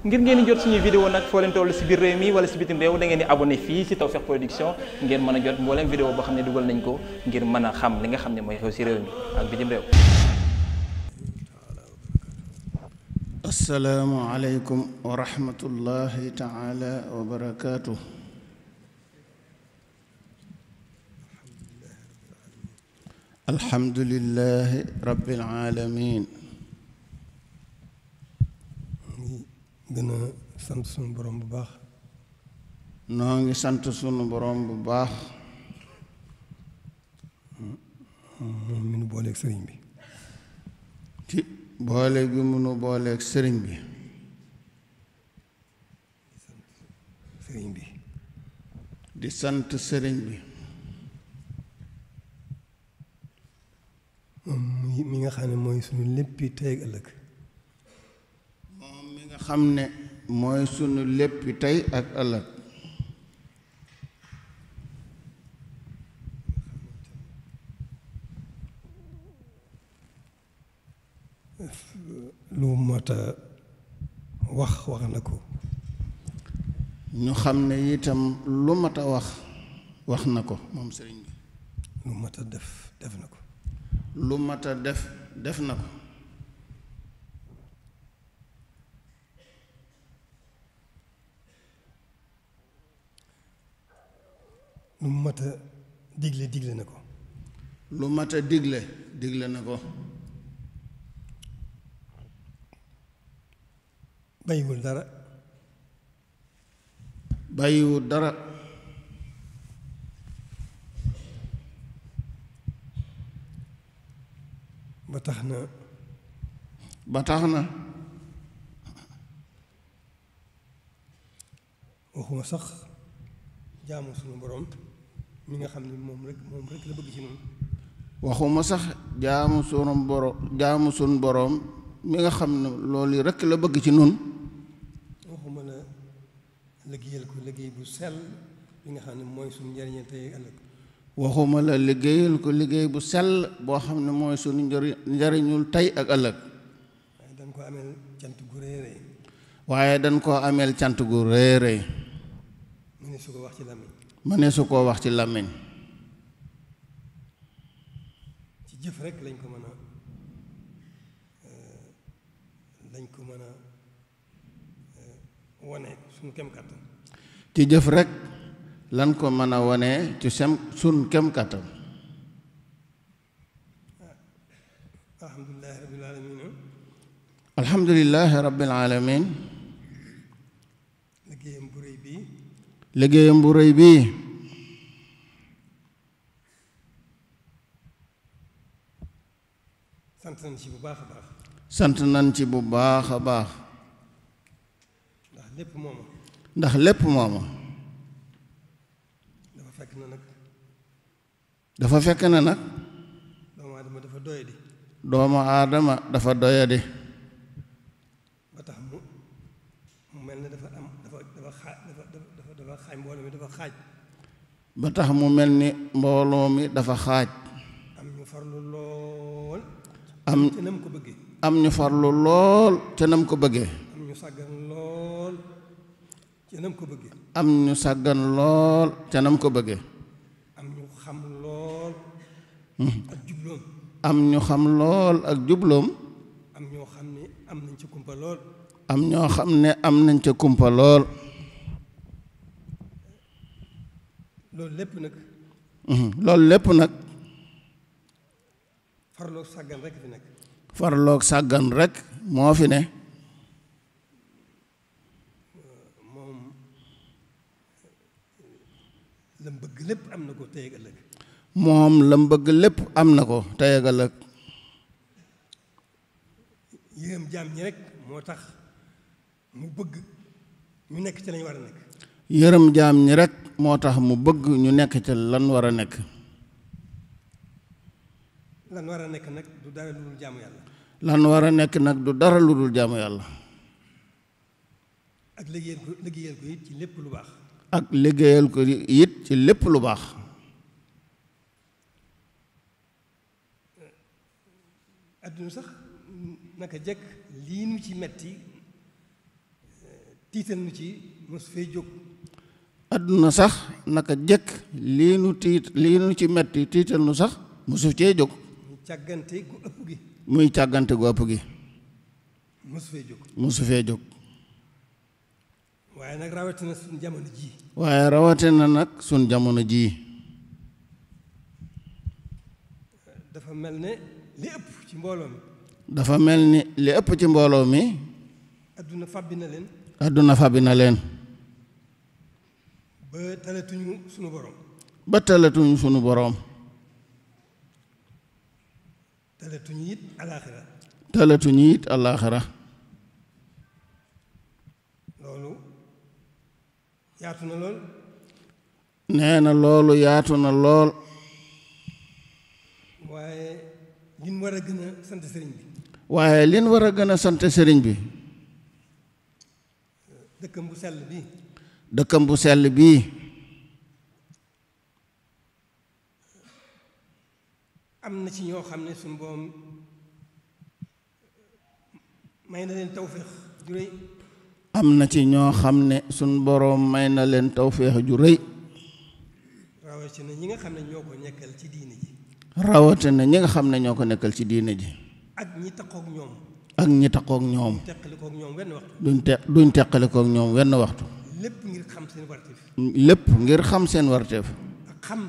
ngir ngeen di jot suñuy vidéo nag foo leen si biir réew mi wala si bitim réew da ngeen di abonné fii si Tawfekh Production ngeen mën a jot mbooleem vidéo boo xam ne dugal nañ ko ngir mën a xam li nga xam ne mooy xew si réew mi ak bitim réew asalaamualeykum wa rahmatullahi taala wa barakaatu alhamdulilahi rabbil alamin gën a sant sunu borom bu baax noo ngi sant sunu borom bu baax moom mi sëriñ bi ci boole gi mu nu sëriñ bi sëriñ bi di sant sëriñ bi moom mi nga xam ne mooy sunu léppi tey ëllëg xam ne mooy sunu léppi tey ak ëllëg lu mata wax wax na ko ñu xam ne itam lu mat a wax wax na ko moom sëriñ bi lu mat a def def na ko lu mat a def def na ko lu mat a digle digle na ko lu mat a digle digle na ko bàyyiwul dara bàyyiwul dara ba tax na ba tax na waxuma sax jaamu sunu boroom mi nga xam ne moom rek moom rek la bëgg ci noonu waxuma sax jaamu sunu boroom jaamu sunu boroom mi nga xam ne loolu rek la bëgg ci noonu waxuma la liggéeyal ko liggéey bu sel bi nga xam ne mooy sunu njariñal tey ëllëg waxuma ko liggéey bu sell boo xam ne mooy sunu njariñul tey ak ëllëg waaye dañ ko ameel cant gu réeré waaye dañ koo ameel cant gu réeré mu ne su ko wax ci làmmiñ mënee su koo wax ci làmmiñ ci jëf rek lañ ko mën a euh, lañ ko mën a euh, wone suñu kem kàttan ci jëf rekk lan ko mën a wone ci sem suñ kem kàttan alhamdulilahi rabbil alamin alhamdulilahi rabbil alamin liggéeyam bu rëy bii sant nañ ci bu baax baax nañ ci bu baax a baax ndax lépp mooma ndax lépp mooma dafa fekk na nag dafa fekk na nag doomu aadama dafa doyadi doomu aadama dafa doyadi ay mbooloo mi dafa xaaj. ba tax mu mel ni mbooloo mi dafa xaaj. am ñu farlu lool. am ko bëggee. am ñu farlu lool te ko bëggee. ñu sàggan lool te nam ko bëggee. am ñu sàggan lool te ko bëggee. am ñu xam lool. Hmm. ak jubloom. am ñu xam lool ak jubloom. am ñoo xam ne am nañ ca kumpa lool. am ñoo ne am nañ ca kumpa lool. loolu lépp nag. Mhm. loolu lépp nag. farloog sàggan rek fi nekk. farlook sàggan rek moo fi ne. moom lam bëgg lépp am na ko tey ak ëllëg. moom lam bëgg lépp am na ko tey ak ëllëg. yërëm jaam ñi rek moo tax mu bëgg ñu nekk ci lañ war a nekk. yërëm jaam ñi rekk moo tax mu bëgg ñu nekk ca lan war a nekk lan war a nekk nag du dara lu dul jaamu yàlla lan war a nekk nag du dara lu dul jaamu yàlla ak liggéeyal ko liggéeyal ci lépp lu baax ak liggéeyal ko it ci lépp lu baax adduna sax naka jekk lii nu ci metti tiital nu ci mos fee jóg àdduna sax naka jëkk lii nu tiit lii nu ci metti tiital nu sax musu cee jóg muy càggante gu ëpp gi musu fee jóg waaye nag rawatina suñ jamono ji waaye rawatina nag suñ jamono jii dafa mel ne li ëpp ci mbooloo dafa mel ni li ëpp ci mbooloo mi àdduna fàbbi na leen àdduna fàbbi na leen ba talatuñu sunu boroom. ba talatuñu boroom. talatuñu it alaaxira. talatuñu it alaaxira. loolu yaatu na lool. nee na loolu yaatu na lool. waaye liñ war a gën a sant sëriñ bi. waaye liñ war a gën a sant sëriñ bi. dëkkam bu sell bi. dëkkam bu sell bii am na ci ñoo xam ne suñu boom na leen tawféex na ci ñoo xam ne suñ boroom may na leen tawféex ju rëy rawatina ñi nga xam ne ñoo ko nekkal ci diine ji rawatina ñi nga xam ne ñoo ko nekkal ci diine ji ak ñi takkook ñoom ak ñi takkook ñoom duñ teqalikook ñoom wenn waxtu lépp ngir xam seen warteef. lépp ngir xam seen warteef. ak xam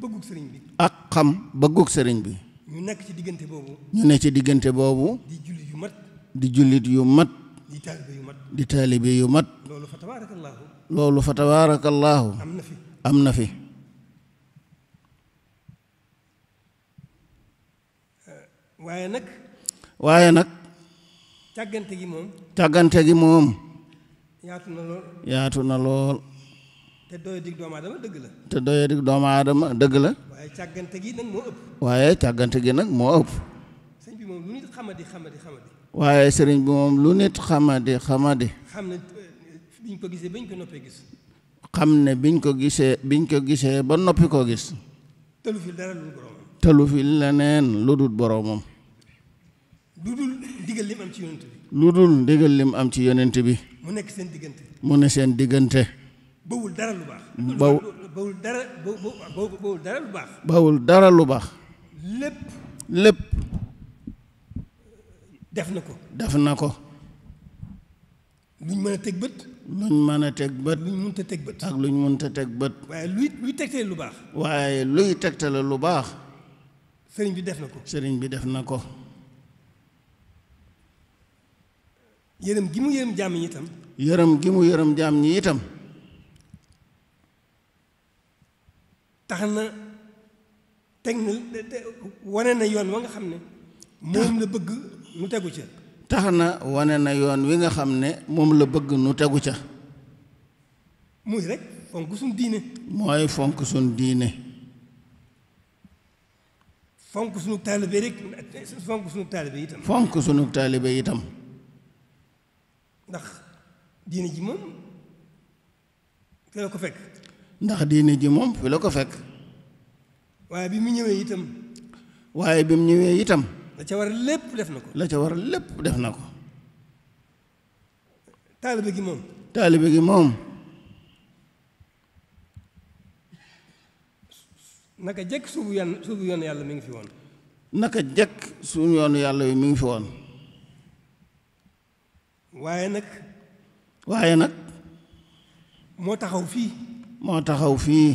bëggug sëriñ bi. ak xam bëggug sëriñ bi. ñu nekk ci diggante boobu. ñu ne ci diggante boobu. di jullit yu mat. di jullit yu mat. di taalibe yu mat. loolu fa tabaarakallaahu. am na fi am na fi. Eh, waaye nag. waaye nag. càggante gi moom. càggante gi moom. yaatu na lool. yaatu na lool. te doyee dig doomu aadama dëgg la. te doyee dig doomu aadama dëgg la. waaye càggante gi nag gi nag moo ëpp. sëriñ bi moom lu nit xamadi xamadi sëriñ bi lu nit xamadi xamadi. xam ne eh, biñ ko gisee bañ ko ne biñ ko gisee biñ ko gisee ba noppi koo gis. tëlu fi dara lu dul boromam. tëlu lu dul boromam. lu dul ndigal lim am ci yonent bi. lu dul ndigal lim am ci yonent bi. mu nekk seen diggante. mu ne seen diggante. bawul dara lu baax. baw bawul dara bawul dara lu baax. lépp. lépp. def na ko. def na ko. luñ mën a teg bët. luñ mën a teg bët. teg bët. ak luñ mënta teg bët. lu baax. waaye luy tegtale lu baax. sëriñ bi def na ko. sëriñ bi def na ko. yërëm gi mu yërëm jàmm yi itam. yërëm gi mu yërëm jaam ñi itam tax na teg na wane na yoon wa nga xam ne moom la bëgg nu tegu ca tax na wane na yoon wi nga xam ne moom la bëgg nu tegu ca muy rek fonk suñ diine mooy fonk suñ diine fonk suñu taalibe rek fonk suñu taalibe itam fonk suñu itam ndax diine ji moom fi la ko fekk. ndax diine ji moom fi la ko fekk. waaye bi mu ñëwee itam. waaye bi mu ñëwee itam. la ca war lépp def na ko. la ca war taalibe gi moom. taalibe gi moom. naka jekk suubu yoon suubu yoon yàlla mi ngi fi woon. naka jekk suubu yoon yàlla mi ngi fi woon. waaye nag. waaye nag moo taxaw fii moo taxaw fii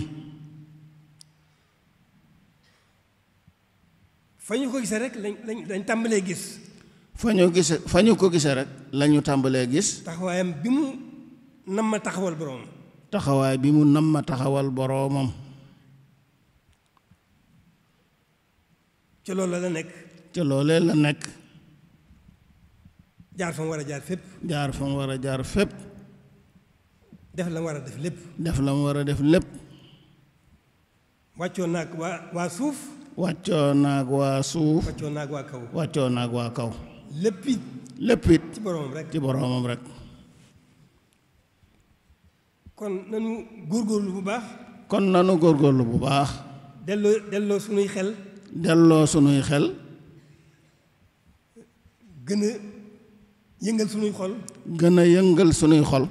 fa ko gisee rek lañ tàmbalee gis fa ñu gise gisee rek lañu tàmbalee gis taxawaayam bi mu nam ma taxawal boroomam taxawaay bi mu nam ma taxawal boroomam ca loolu la nekk ca loolee la nekk jaar fa mu war a jaar fépp. jaar fa mu war a jaar fépp. def la mu war a def lépp. def la mu war a def lépp. wàccoo naag waa waa suuf. wàccoo naag waa suuf. wàccoo naag waa kaw. wàccoo naag waa kaw. lépp it. lépp it ci boromam rek kon nanu góorgóorlu bu baax. kon nanu góorgóorlu bu baax. delloo delloo sunuy xel. delloo sunuy xel. gën yëngal sunuy xol gën a yëngal sunuy xol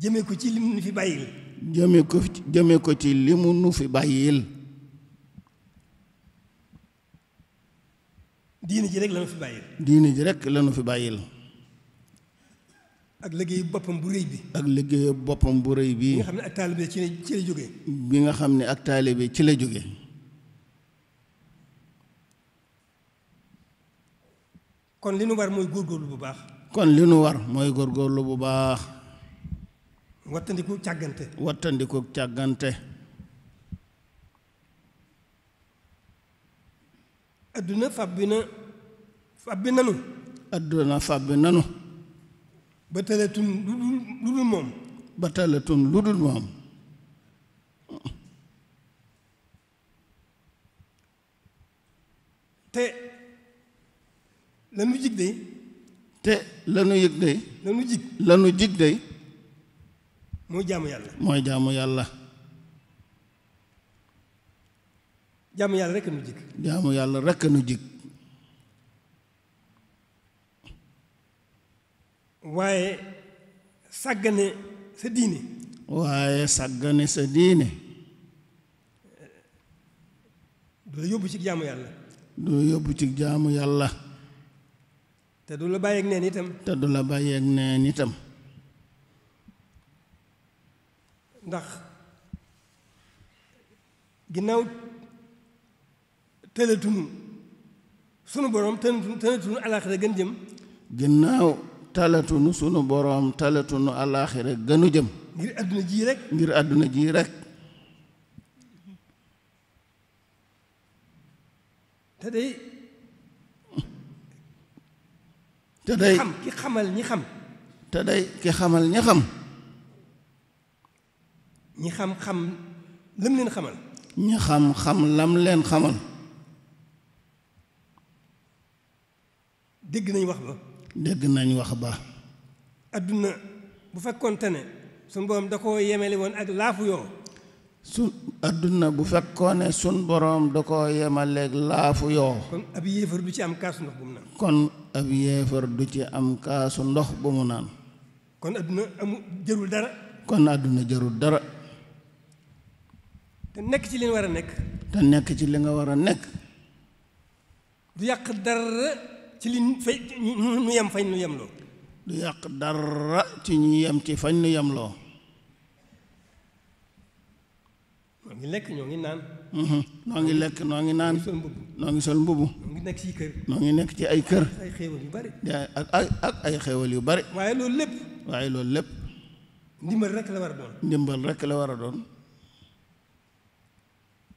jëme ko ci limu nu fi bàyyil jëme ko ci limu nu fi bàyyil diine ji rek lanu fi bàyyil diine ji rekk lanu fi bàyyil ak liggéeyu boppam bu rëy bi ak liggéeyu boppam bu rëy bi nga xam ne ak taalibe ci la jóge bi nga xam ne ak taalibe ci la jóge kon li nu war mooy góorgóorlu bu baax. kon li nu war mooy góorgóorlu bu baax. wattandiku càggante. wattandiku càggante. adduna fàbbi na fàbbi nanu. adduna fàbbi nanu. ba tëlatun lu dul moom. ba tëlatun lu dul moom. te. lanu jig day te lanu yëg day lanu jig lanu jig day mooy jaamu yàlla mooy jaamu yàlla jaamu yàlla rekk nu jig jaamu yàlla rekk nu jig waaye sàggane sa diine waaye sàggane sa diine du la yóbbu ci jaamu yàlla du la yóbbu ci jaamu yàlla te du la bàyyeeg neen itam. te du la itam. ndax ginnaaw tëlatunu sunu boroom tëlatunu alaaxira gën jëm. ginnaaw talatunu sunu boroom talatunu alaaxira gënu jëm. ngir àdduna ji rek. ngir àdduna ji rek. te day. te day xam ki xamal ñi xam te day ki xamal ñi xam ñi xam-xam lam leen xamal ñi xam-xam lam leen xamal dégg nañ wax ba dégg nañ wax ba adduna bu fekkoonte ne su boroom da ko yemale woon ak laafu yoo su adduna bu fekkoon ne sun boroom da koo yemaleeg laafu yoo. kon ab yéefar du ci am kaasu ndox bu mu naan. kon ab yéefar du ci am kaasu ndox bu naan. kon adduna amu jërul dara. kon adduna jërul dara. te nekk ci li nga war a nekk. te nekk ci li nga war a nekk. du yàq dara ci li fay yem fañ nu yemloo. du yàq dara ci ñu yem ci fañ nu yemloo. ñoo ngi lekk ñoo ngi naan. Mhm. noo ngi lekk noo ngi naan. noo ngi sol mbubu. noo ngi nekk ci kër. noo ngi nekk ci ay kër. ay xéewal yu ak ay ak yu bari. waaye loolu lépp. waaye loolu lépp. ndimbal rek la war a doon. ndimbal rek la war a doon.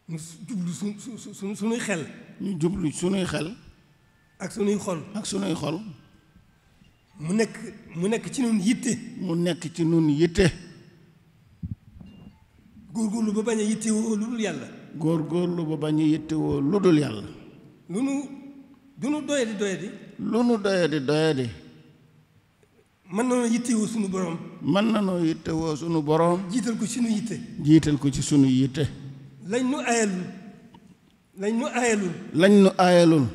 ñu jublu su su su suñuy xel. ñu jublu suñuy xel. ak suñuy xol. ak suñuy xol. mu nekk mu nekk ci nun yitte. mu nekk ci nun yitte. góorgóorlu ba bañ a lu dul yàlla. góorgóorlu ba bañ a yittewoo lu dul yàlla. lu nu lu nu doyadi doyadi. lu nu doyadi doyadi. mën na noo yittewoo sunu borom. mën na noo yittewoo sunu borom. jiital ko sunu yitte. jiital ko ci sunu yitte. lañ nu ayalul. lañ nu ayalul. lañ nu ayalul.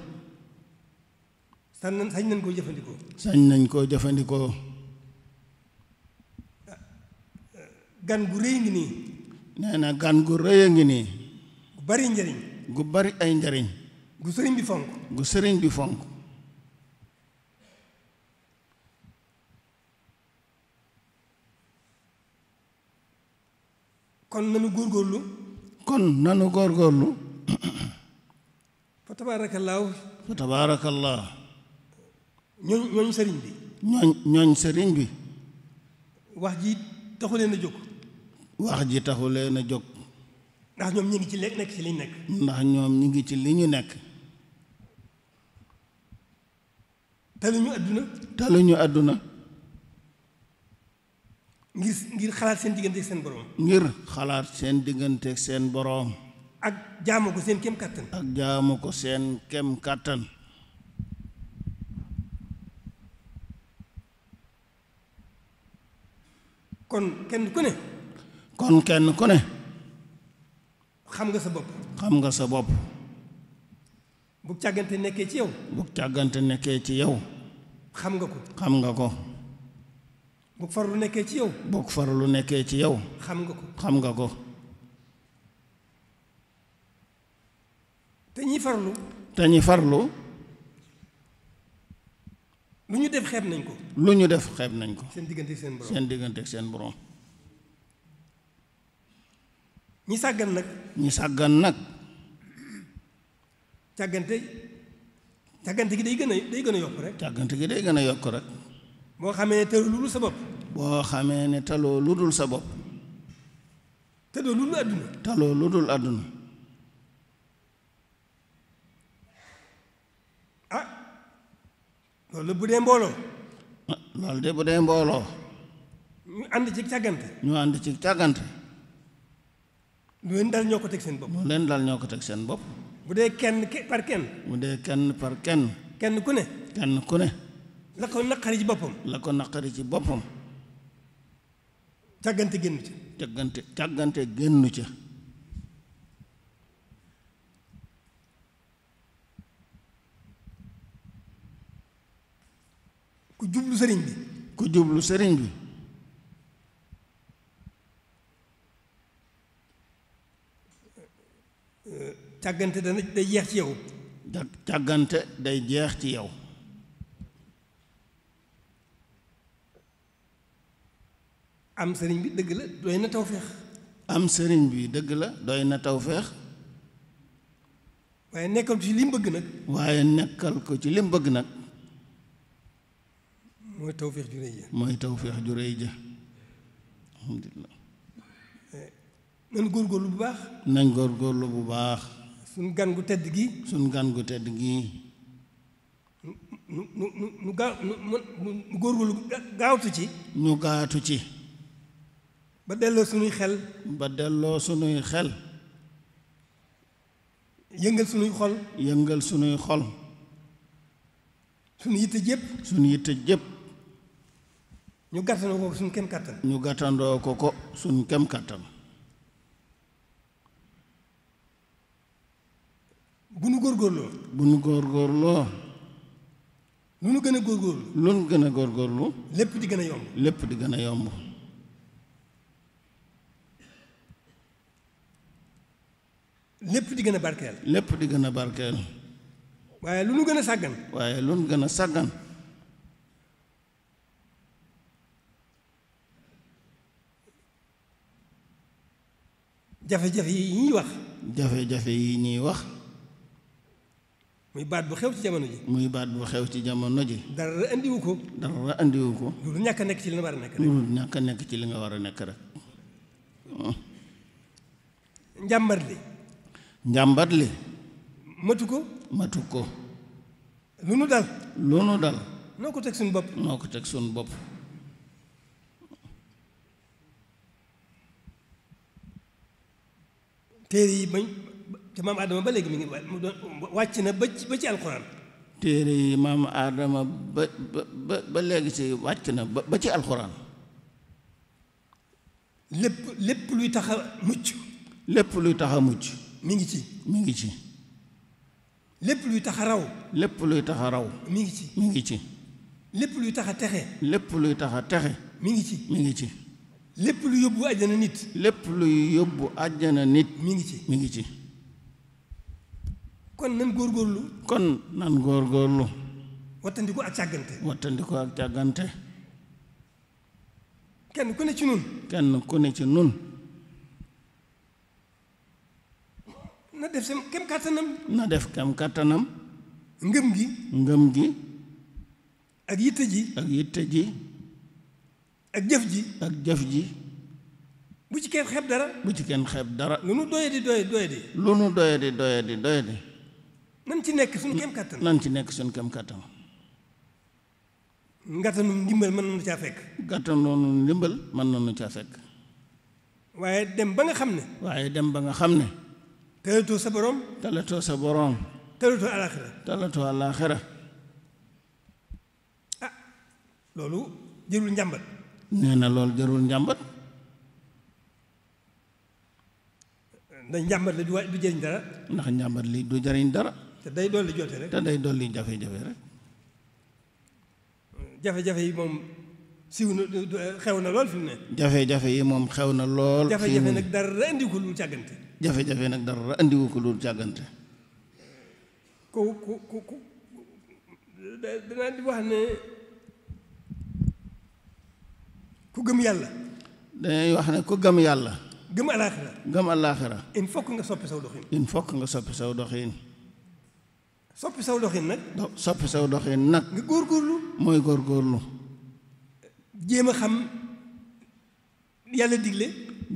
sañ nañ koo jëfandikoo. sañ nañ koo jëfandikoo. gan gu rëy ngi nii. nee na gan gu rëy a ngi nii. gu bari njariñ gu bari ay njëriñ. gu sëriñ bi fonk. gu sëriñ bi fonk. kon nanu góorgóorlu. kon nanu góorgóorlu. fa tabaarakallaahu. fa ñooñ sëriñ bi. ñooñ sëriñ bi. wax ji taxu leen a jóg. wax ji taxu leen a jóg. ndax ñoom ñu ngi ci lekk nekk ci li ñu nekk. ndax ñoom ñu ngi ci li ñu nekk. taluñu àdduna. àdduna. ngir ngir xalaat seen diggante seen boroom. ngir xalaat seen diggante seen boroom. ak jaamu ko seen kem kàttan. ak jaamu ko seen kem kàttan. kon kenn ku ne. kon kenn ku ne xam nga sa bopp xam nga sa bopp bu càggante nekkee ci yow bu càggante nekkee ci yow xam nga ko xam nga ko bu farlu nekkee ci yow bu farlu nekkee ci yow xam nga ko xam nga ko te ñi farlu te ñi farlu lu ñu def xeeb nañ ko lu ñu def xeeb nañ ko seen diggante ak seen borom seen borom ñi sàggan nag ñi sàggan nag càggante càggante gi day gën a day gën a yokk rek càggante gi day gën a yokk rek boo xamee ne taloo lu dul sa bopp boo xamee ne taloo lu dul sa bopp taloo lu dul àdduna lu dul àdduna ah loolu bu dee mbooloo loolu de bu dee mbooloo ñu ànd ci càggante ñu ànd ci càggante lu leen dal ñoo ko teg seen bopp. lu leen dal ñoo ko teg seen bopp. bu dee kenn par kenn. bu dee kenn par kenn. kenn ku ne. kenn ku ne. la naqari ci boppam. la ko naqari ci boppam. càggante génn ca. càggante càggante génn ca. ku jublu sëriñ bi. ku jublu sëriñ bi. càggante dana day jeex ci yow jàggante day jeex ci yow am sëriñ bi dëgg la doy na tawféex am sëriñ bi dëgg la doy na tawféex waaye nekkal ko ci li bëgg nag waaye nekkal ko ci lim bëgg nag mooy tawféex ju réy ja mooy tawféex ju réy ja alhamdulilah eh, nañ góorgóorlu bu baax nañ góorgóorlu bu baax suñ gan gu tedd gi suñ gan gu tedd gi nu nu nu gaaw nu góorgóorlu gaawtu ci ñu gaatu ci ba delloo suñuy xel ba delloo sunuy xel yëngal sunuy xol yëngal suñuy xol suñu yitte jëpp suñu yitte jëpp ñu gàttandoo ko suñ kem kàttan ñu gàttandoo ko ko suñu kem kàttan gunu góor góorloo bu góor góorloo lu nu gën a góorgóorlu. lu gën a góorgóorlu. lépp di gën a yomb. lépp di gën a yomb. lépp di gën a barkeel. lépp di gën a barkeel. waaye lu nu gën a sàggan. waaye lu nu gën a sàggan. jafe-jafe yi ñuy wax. jafe-jafe yi ñuy wax. muy baat bu xew ci jamono ji. muy baat bu xew ci jamono ji. dara andiwu ko. dara andiwu ko. loolu ñàkk nekk ci li nga war a nekk rek. ñàkk nekk ci li nga war a nekk rek. njàmbat li. njàmbat li. matu ko. matu ko. lu nu dal. lu nu dal. noo ko teg suñ bopp. moo ko teg suñu bopp. téere yi bañ. te maam Adama ba léegi mi ngi wàcc na ba ci ba ci alxuraan. téere yi maam Adama ba ba ba léegi ci wàcc na ba ci alxuraan. lépp lépp luy taxa a mucc. lépp luy tax a mucc. mi ngi ci mi ngi ci. lépp luy tax a raw. lépp luy tax a raw. mi ngi ci mi ci. lépp luy tax a texe. lépp luy taxa texe. mi ngi ci mi ngi ci. lépp luy yóbbu àjjana nit. lépp luy yóbbu àjjana nit. mi ngi ci mi ngi ci. kon nan góorgóorlu kon nan góorgóorlu wattandiku ak càggante wattandiku ak càggante kenn ku ne ci nun kenn ku ne ci nun na def seen kem kàttanam na def kem kàttanam ngëm gi ngëm gi ak yitte ji ak yitte ji ak jëf ji ak jëf ji bu ci kenn xeeb dara bu ci kenn xeeb dara lu nu doye di doye doye di lu nu doye di doye di nan ci nekk suñu kem kàttan nan ci nekk suñu kem kàttan ngàttanu ndimbal mën nañu caa fekk ngàttanu ndimbal mën nañu caa fekk waaye dem ba nga xam ne waaye dem ba nga xam ne talatoo sa borom talatoo sa borom talatoo alaaxira talatoo alaaxira ah, loolu jërul njàmbat nee na lool jërul njàmbat ndax njàmbat la du jëriñ dara ndax njàmbat li du jariñ dara te day dolli jote rek. te day dolli jafe-jafe rek. jafe-jafe yi moom siw na xew na lool fi mu ne. jafe-jafe yi moom xew na lool. fi mu ne jafe-jafe nag dara andi ko lu càggante. jafe-jafe nag dara andiwu ko lu ku ku ku ku danaa di wax ne ku gëm yàlla. dañuy wax ne ku gëm yàlla. gëm alaaxira. gëm alaaxira. il faut nga soppi saw doxin. il faut que nga soppi saw doxin. soppi saw doxin nag. soppi saw doxin nag. nga góor góorlu mooy góorgóorlu. jéem a xam yàlla digle.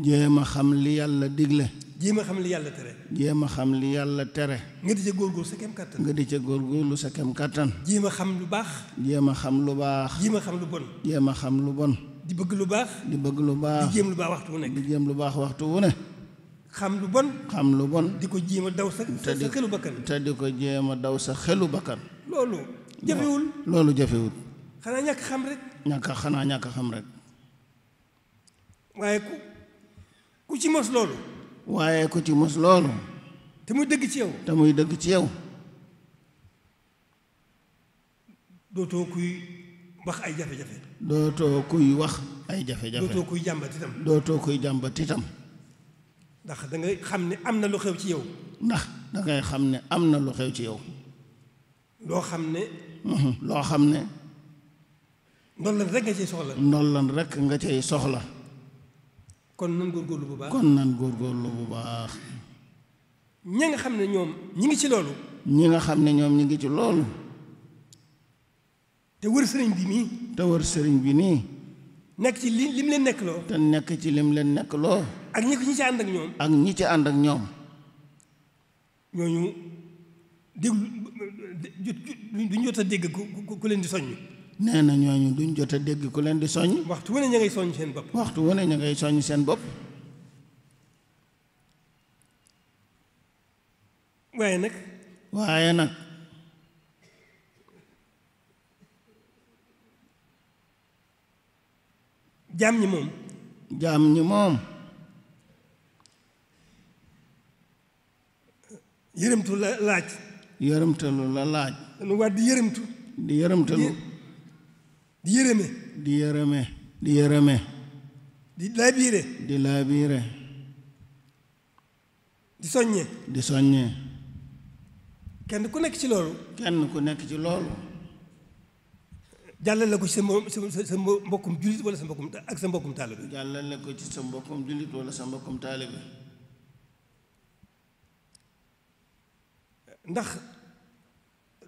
jéem a xam li yàlla digle. jéem a xam li yàlla tere. jéem a xam li yàlla tere. nga di ca góorgóorlu sa di ca góorgóorlu sa kem kàttan. jéem a xam lu baax. jéem a xam lu baax. jéem a xam lu bon. jéem a xam lu bon. di bëgg lu baax. di bëgg lu baax. di jéem baax waxtu wu nekk. di jéem lu baax waxtu wu ne xam lu bon. xam lu bon. di ko jéem a daw sa sa xelu bakkan. te di ko jéem daw sa xelu bakkan. loolu. jafewul loolu jafewul. xanaa ñàkk xam rek. ñàkk xanaa ñàkk xam rek. waaye ku ku ci mos loolu. waaye ku ci mos loolu. te muy dëgg ci yow. te muy dëgg ci yow. dootoo kuy wax ay jafe-jafe. dootoo kuy wax ay jafe dootoo kuy jàmbatitam dootoo kuy jàmbat ndax dangay xam ne am na lu xew ci yow. ndax dangay xam ne am na lu xew ci yow. loo xam ne. Mhm, loo xam ne. ndollan rek nga cay soxla. ndollan rek nga cay soxla. kon nan góorgóorlu bu baax kon nan góorgóorlu bu baax. ñi nga xam ne ñoom ñi ngi ci loolu. ñi nga xam ne ñoom ñi ngi ci loolu. te wër sëriñ bi nii. te wër sëriñ bi nii. nekk ci li lim leen nekk loo. te nekk ci lim leen nekk loo. ak ñi ñi ci ànd ak ñoom. ak ñi ci ànd ñoom. ñooñu déglu duñ jot a dégg ku leen di soññ. nee na ñooñu duñ jot a dégg ku leen di soññ. waxtu wane ña ngay soññ seen waxtu wane ña ngay soññ seen bopp. waaye nag. waaye nag. jaam ñi moom. jaam ñi moom. yërëmtu la laaj yërëmtalu la laaj dañu war di yërëmtu di yërëmtalu di yërëme di yërëme di yërëme di laabiire di laabiire di soññe di soññe kenn ku nekk ci loolu kenn ku nekk ci loolu jàllale ko ci sa sa mbokkum jullit wala sa mbokkum ak sa mbokkum taalibe jàllale ko ci sa mbokkum jullit wala sa mbokkum taalibe ndax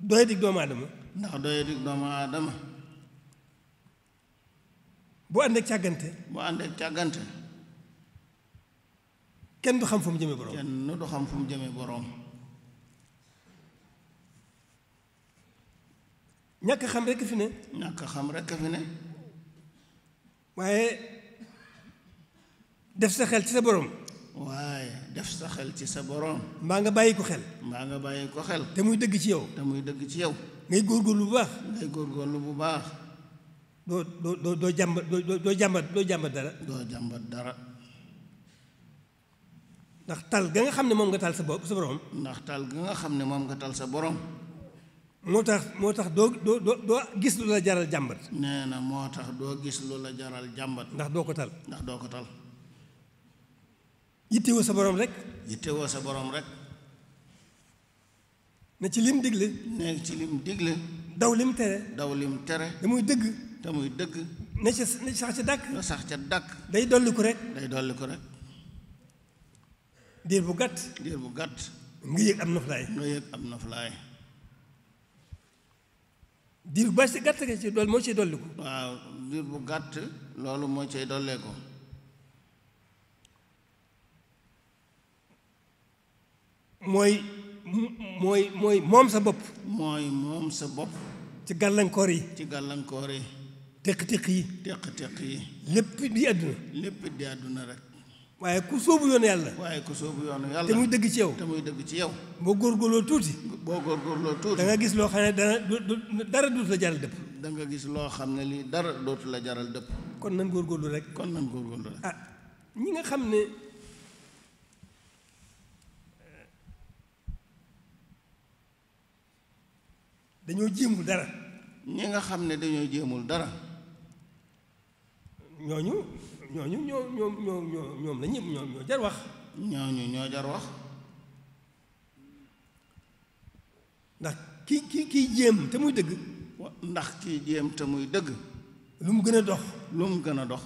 doyadig doomu aadama ndax doyadig doomu aadama bu ànd ak càggante bu ànd ak càggante kenn du xam fu mu jëmee boroom kenn du xam fu mu jëmee boroom ñàkk xam rekk fi ne ñàkk xam rekk fi ne waaye def sa xel ci sa boroom waaye def sa xel ci sa borom mbaa nga bàyyi ko xel mbaa nga bàyyi ko xel te muy dëgg ci yow te muy dëgg ci yow ngay góorgóorlu bu baax ngay góorlu bu baax doo doo doo doo jàmbat doo jàmbat doo jàmbat dara doo jàmbat dara ndax tal ga nga xam ne moom nga tal sa bopp sa ndax tal ga nga xam ne moom nga tal sa borom moo tax moo tax doo doo doo gis lu la jaral jàmbat nee na moo tax doo gis lu la jaral jàmbat ndax doo ko tal ndax doo ko tal yittewoo sa borom rek. yittewoo sa borom rek. ne ci lim digle. ne ci lim digle. daw lim tere. daw lim tere. da muy dëgg. da muy dëgg. ne ci ne ci dàkk. ne sax ca dàkk. day dolli rek. day dolli ko rek. diir bu gàtt. diir bu gàtt. nga yëg am noflaay. nga yëg am noflaay. diir bu baax gàtt nga ci dolli moo ciy dolli ko. waaw diir bu gàtt. loolu moo ciy dollee ko. mooy mooy mooy moom sa bopp. mooy moom sa bopp. ci gàllankoor yi. ci gàllankoor yi. teq téq yi. teq-teq yi. lépp di àdduna. lépp di àdduna rek. waaye ku sóobu yoonu yàlla. waaye ku sóobu yoonu yàlla. te muy dëgg ci yow. te muy dëgg ci yow. boo góorgóorloo tuuti. boo góorgóorloo tuuti. da gis loo xam ne dana dara dootu la jaral dëpp. da nga gis loo xam ne lii dara dootu la jaral dëpp. kon nan góorgóorlu rek. kon nan góorgóorlu rek. Ah, ñi nga xam ne. dañoo jéemul dara ñi nga xam ne dañoo jéemul dara ñooñu ñooñu ñoo ñoom ñoo ñoo ñoom la ñëpp ñoom ñoo jar wax ñooñu ñoo jar wax ndax ki ki kiy jéem te muy dëgg ndax kiy jéem te muy dëgg lu mu gën a dox lu mu gën a dox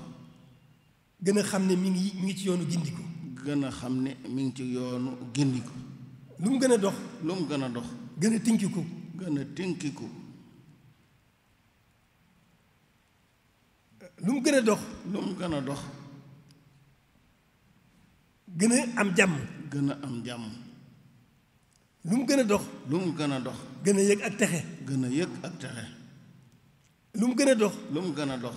gën a xam ne mi ngi mi ngi ci yoonu gindiku gën a xam ne mi ngi ci yoonu gindiku lu mu gën a dox lu mu gën a dox gën a tinkiku gën a tënkiku lu mu gën a dox lu mu gën a dox gën a am jàmm gën a am jàmm lu mu gën a dox lu mu gën a dox gën a yëg ak texe gën a texe lu mu gën a dox lu mu gën a dox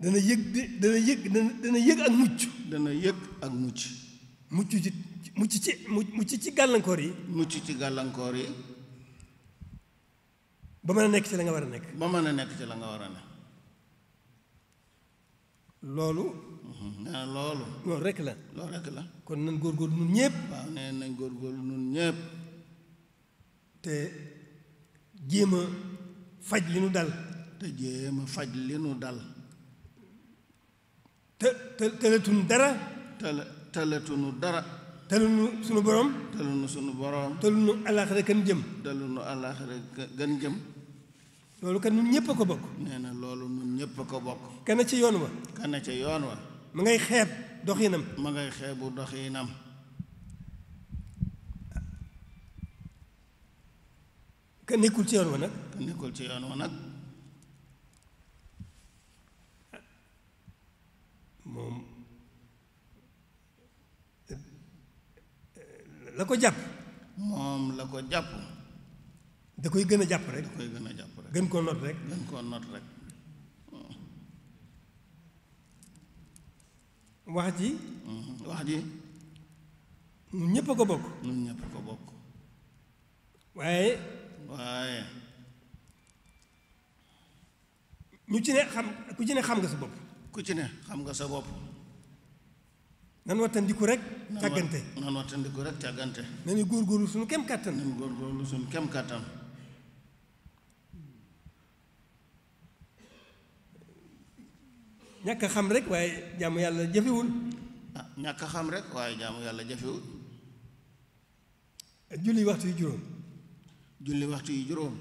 dana yëg dana yëg dana yëg ak mucc dana yëg ak mucc mucc ci mucc ci mucc ci gàllankoor yi mucc ci gàllankoor yi ba mën a nekk ci la nga war a nekk. ba mën a nekk ci la war a loolu. nee mm-hmm. na ah, loolu. loolu rek la. loolu rek la. kon nañ góorgóorlu nun ñëpp. waaw nee nañ góorgóorlu nun ñëpp. te jéem a faj li nu dal. te jéem a faj li nu dal. te te tëlatuñu dara. tëla tëlatuñu dara. tëluñu sunu borom. tëluñu sunu borom. tëluñu àllaaxira kan jëm. tëluñu àllaaxira kan jëm. loolu kan ñun ñëpp a ko bokk. nee na loolu ñun ñëpp a ko bokk. kana ci yoon wa. kana ci yoon wa. ma ngay xeeb doxinam. ma ngay xeebu doxinam. ka nekkul ci yoon wa nag. ci yoon wa nag. moom la ko jàpp. moom la ko jàpp. da koy gën a jàpp rek. da koy gën a jàpp. gën koo not rek gën koo not rek wax ji mm-hmm. wax ji ñun ñépp ko bokk ñun ñépp ko bokk waaye waaye ñu ci ne xam ku ci ne xam nga sa bopp ku ci ne xam nga sa bopp nan wattandiku rek càggante nan wattandiku rek càggante nañu góorgóorlu suñu kem kàttan nañu góorgóorlu suñu kem kàttan ñàkk xam rek waaye jaamu yàlla jafewul ah, ñàkk a xam rek waaye jaamu yàlla jafewul julli waxtu yu juróom julli waxtu yu juróom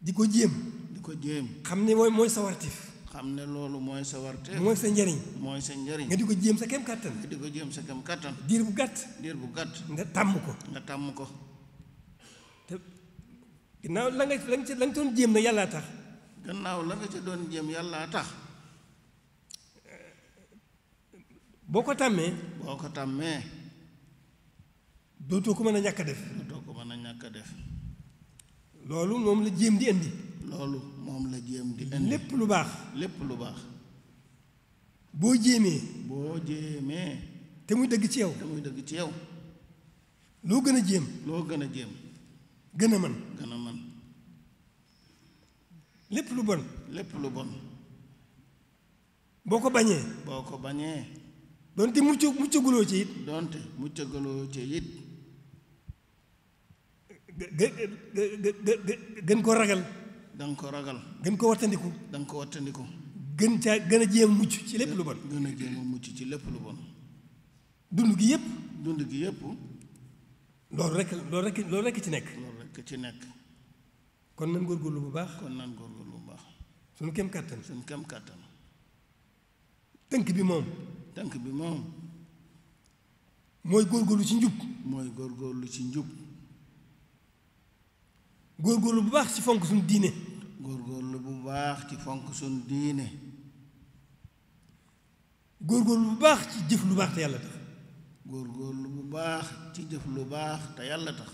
di ko jéem di ko jéem xam ne mooy mooy sa wartif xam ne loolu mooy sa wartif mooy sa njariñ mooy sa njariñ nga di ko jéem sa kem kàttan di ko jéem sa kem kàttan diir bu gàtt diir bu gàtt nga tàmm ko nga tàmm ko te gannaaw la nga la nga doon jéem na yàlla tax gannaaw la nga ca doon jéem yàllaa tax boo ko tàmmee boo ko tàmmee dootoo ko mën a ñàkk a def dootoo ko mën a def loolu moom la jéem di indi loolu moom la jéem di lépp lu baax lépp lu baax boo jéemee boo jéemee te muy dëgg ci yow te muy dëgg ci yow loo gën a jéem loo gën a jéem gën a mën gën a man lépp lu bon lépp lu bon boo ko bañee boo ko bañee donte mucc muccaguloo ci it donte muccaguloo ci it gën koo ragal danga ko ragal gën ko wattandiku danga ko wattandiku gën caa gën a jéem mucc ci lépp lu bon gën a jéem mucc ci lépp lu bon dund gi yëpp dund gi yëpp loolu rek loolu rek loolu rek ci nekk loolu rek ci nekk kon nan góorgóorlu bu baax kon nan góorgóorlu bu baax suñu kem kàttan suñu kem kàttan tënk bi moom tànk bi moom mooy góorgóorlu ci njub mooy góor góorlu ci njub góorgóorlu bu baax ci fonk suñu diine góorgóorlu bu baax ci fonk suñu diine góorgóorlu bu baax ci jëf lu baax te yàlla tax bu baax ci jëf lu baax te yàlla tax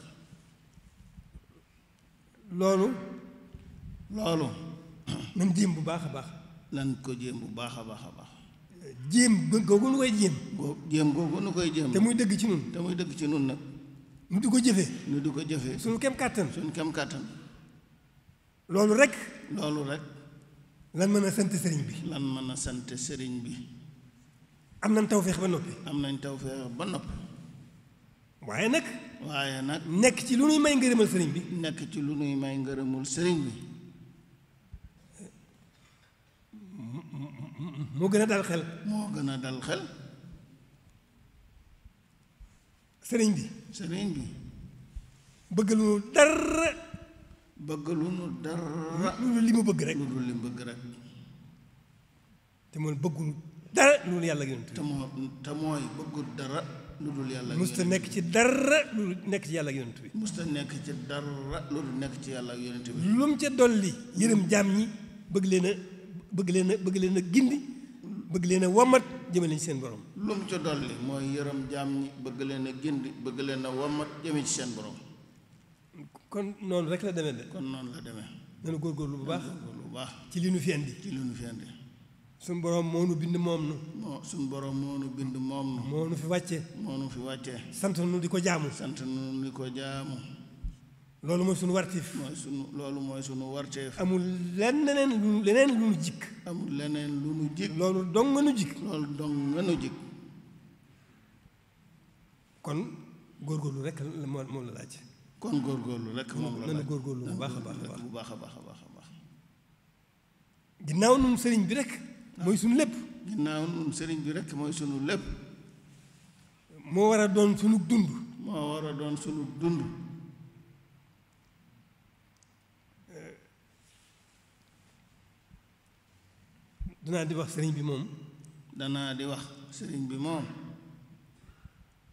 loolu loolu nan jéem bu baax a baax lan ko jéem bu baax a baax a baax jéem googu nu koy jéem. boo jéem googu nu koy jéem. te muy dëgg ci nun te muy dëgg ci nun nag. nu di ko jëfe nu di ko jëfee. suñu kem kàttan. suñu kem kàttan. loolu rek. loolu rek. lan mën a sant sëriñ bi. lan mën a sant sëriñ bi. am nañ tawféex ba noppi. am nañ tawféex ba nopp waaye nag. waaye nag. nekk ci lu nuy may ngërëmal sëriñ bi. nekk ci lu nuy may ngërëmul sëriñ bi. moo gën a dal xel moo gën a dal xel sëriñ bi sëriñ bi bëgg lu nu dara bëgg lu nu dara lu dul li mu bëgg rek lu dul li mu bëgg te moom bëggul dara lu dul yàlla gën te moo te mooy bëggul dara lu dul yàlla musta nekk ci dara lu nekk ci yàlla ak bi musta nekk ci dara lu dul nekk ci yàlla ak yonent bi lu mu ca dolli yërëm jaam ñi bëgg leen a bëgg leen a bëgg leen a gindi bëgg leen a wommat jëmale ci seen boroom lu mu ca dolli mooy yërëm jaam ñi bëgg leen a gindi bëgg leen a wommat jëmee ci seen borom. kon noonu rek la demee de. kon noonu la demee. nañu góorgóorlu bu baax góorgóorlu bu baax. ci li nu fi ci li nu fi indi. suñu borom moo nu bind moom nu. moo suñu borom moo nu bind moom nu. moo nu fi wàccee. moo nu fi wàccee. sant nu di ko jaamu. sant nu di ko jaamu. loolu mooy sunu warteef. mooy suñu loolu mooy sunu warteef. amul leneen lu leneen lu nu jikk. amul leneen lu nu jikk. loolu dong nga nu jikk. loolu dong nga jikk. kon góorgóorlu rek la moom la laaj. kon góorgóorlu rek moom la góorgóorlu baax a baax a baax a baax a baax a baax. ginnaaw nun sëriñ bi rekk mooy suñu lépp. ginnaaw nun sëriñ bi rek mooy sunu lépp. moo war a doon sunu dund. moo war a doon sunu dund. danaa di wax sëriñ bi moom. danaa di wax sëriñ bi moom.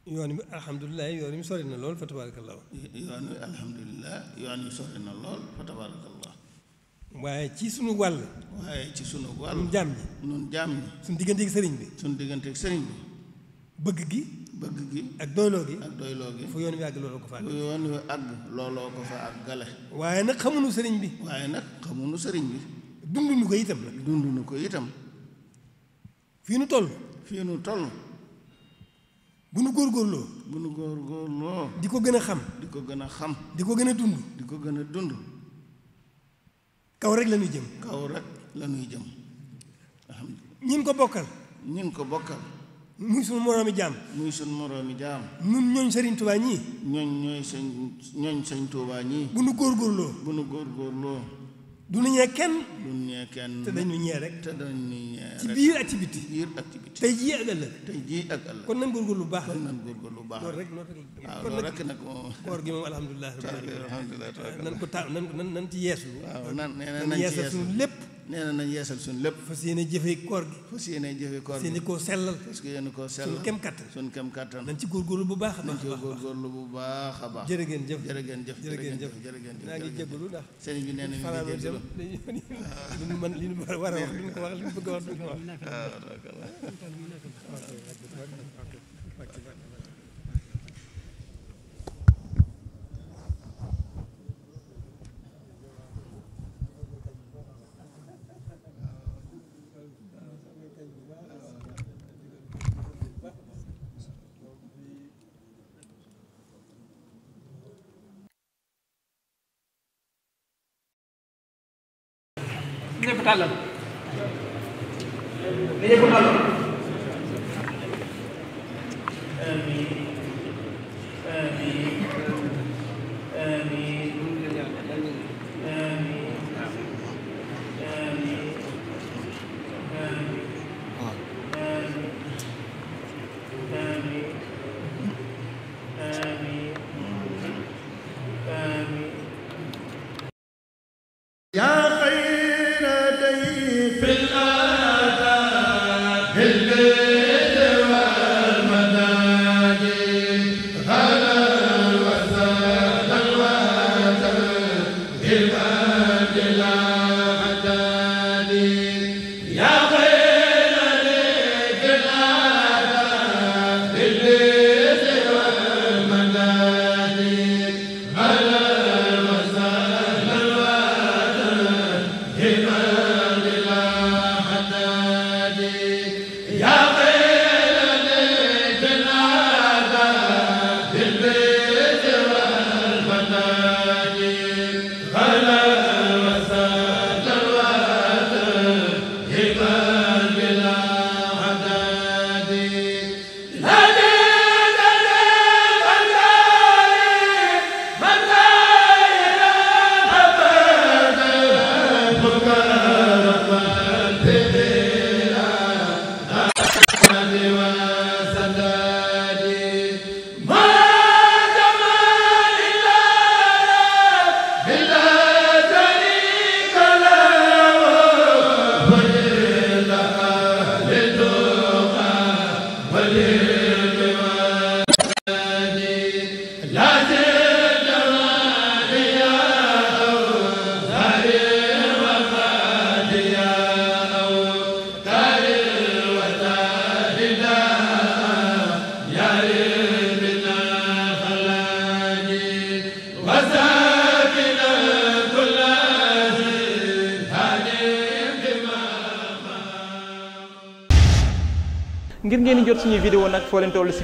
yoon wi alhamdulilah yoon wi lool fa tabarakallah. waaye ci sunu wàll. waaye ci sunu wàll. nun jaam ñi nun jaam ñi. sunu digganteeg sëriñ bi. sunu digganteeg sëriñ bi. bëgg gi. bëgg gi ak doyloo gi ak doyloo gi fu yoon wi àgg looloo ko fa àgg. fu waaye nag xamuñu sëriñ bi. waaye nag xamuñu sëriñ bi. dundu nu ko itam la dundu nu ko itam fii nu toll fii nu toll bu nu góor góorgóorloo bu nu góorgóorloo di ko gën a xam di ko gën a xam di ko gën a dund di ko gën a dund kaw rek la jëm kaw rek la ñuy jëm alhamdulilah ñin ko bokkal ñin ko bokkal muy sunu moroomi jaam muy sunu moroomi jaam ñun ñooñ sëriñ Tuubaa ñii ñooñ ñooy sëñ ñooñ sëñ Tuubaa ñii bu nu góorgóorloo bu nu góorgóorloo du nu kenn. du nu ñee te dañu ñee rek. te dañu ñee rek ci biir activité. biir activité tey jii ak ëllëg. tey jii ak ëllëg kon nan góorgóorlu lu baax. kon nan góorgóorlu bu baax rek loolu rek. loolu rek nag moom. koor gi moom alhamdulilah. alhamdulilah nan ko ta nan nan ci yeesu. waaw nan na nan ci yeesu lépp. nee na nañ yeesal suñ lépp fas yéene jëfe koor gi fas yéene jëfe koor gi fas yéene koo sellal fas yéene koo sellal suñ kem kattan suñ kem kattan nañ ci góorgóorlu bu baax a baax nañ ci góorgóorlu bu baax a baax jërë ngeen jëf jërë ngeen jëf jërë ngeen jëf jërë ngeen jëf naa ngi jégalu ndax na ñu a a tàllal nañu ko tàllal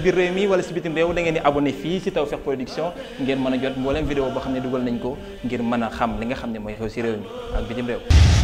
biir réew mi wala si bitim réew da ngeen di abonné fii si Tawfekh Production ngeen mën a jot mboolem vidéo boo xam ne dugal nañ ko ngir mën a xam li nga xam ne mooy xew si réew mi ak bitim réew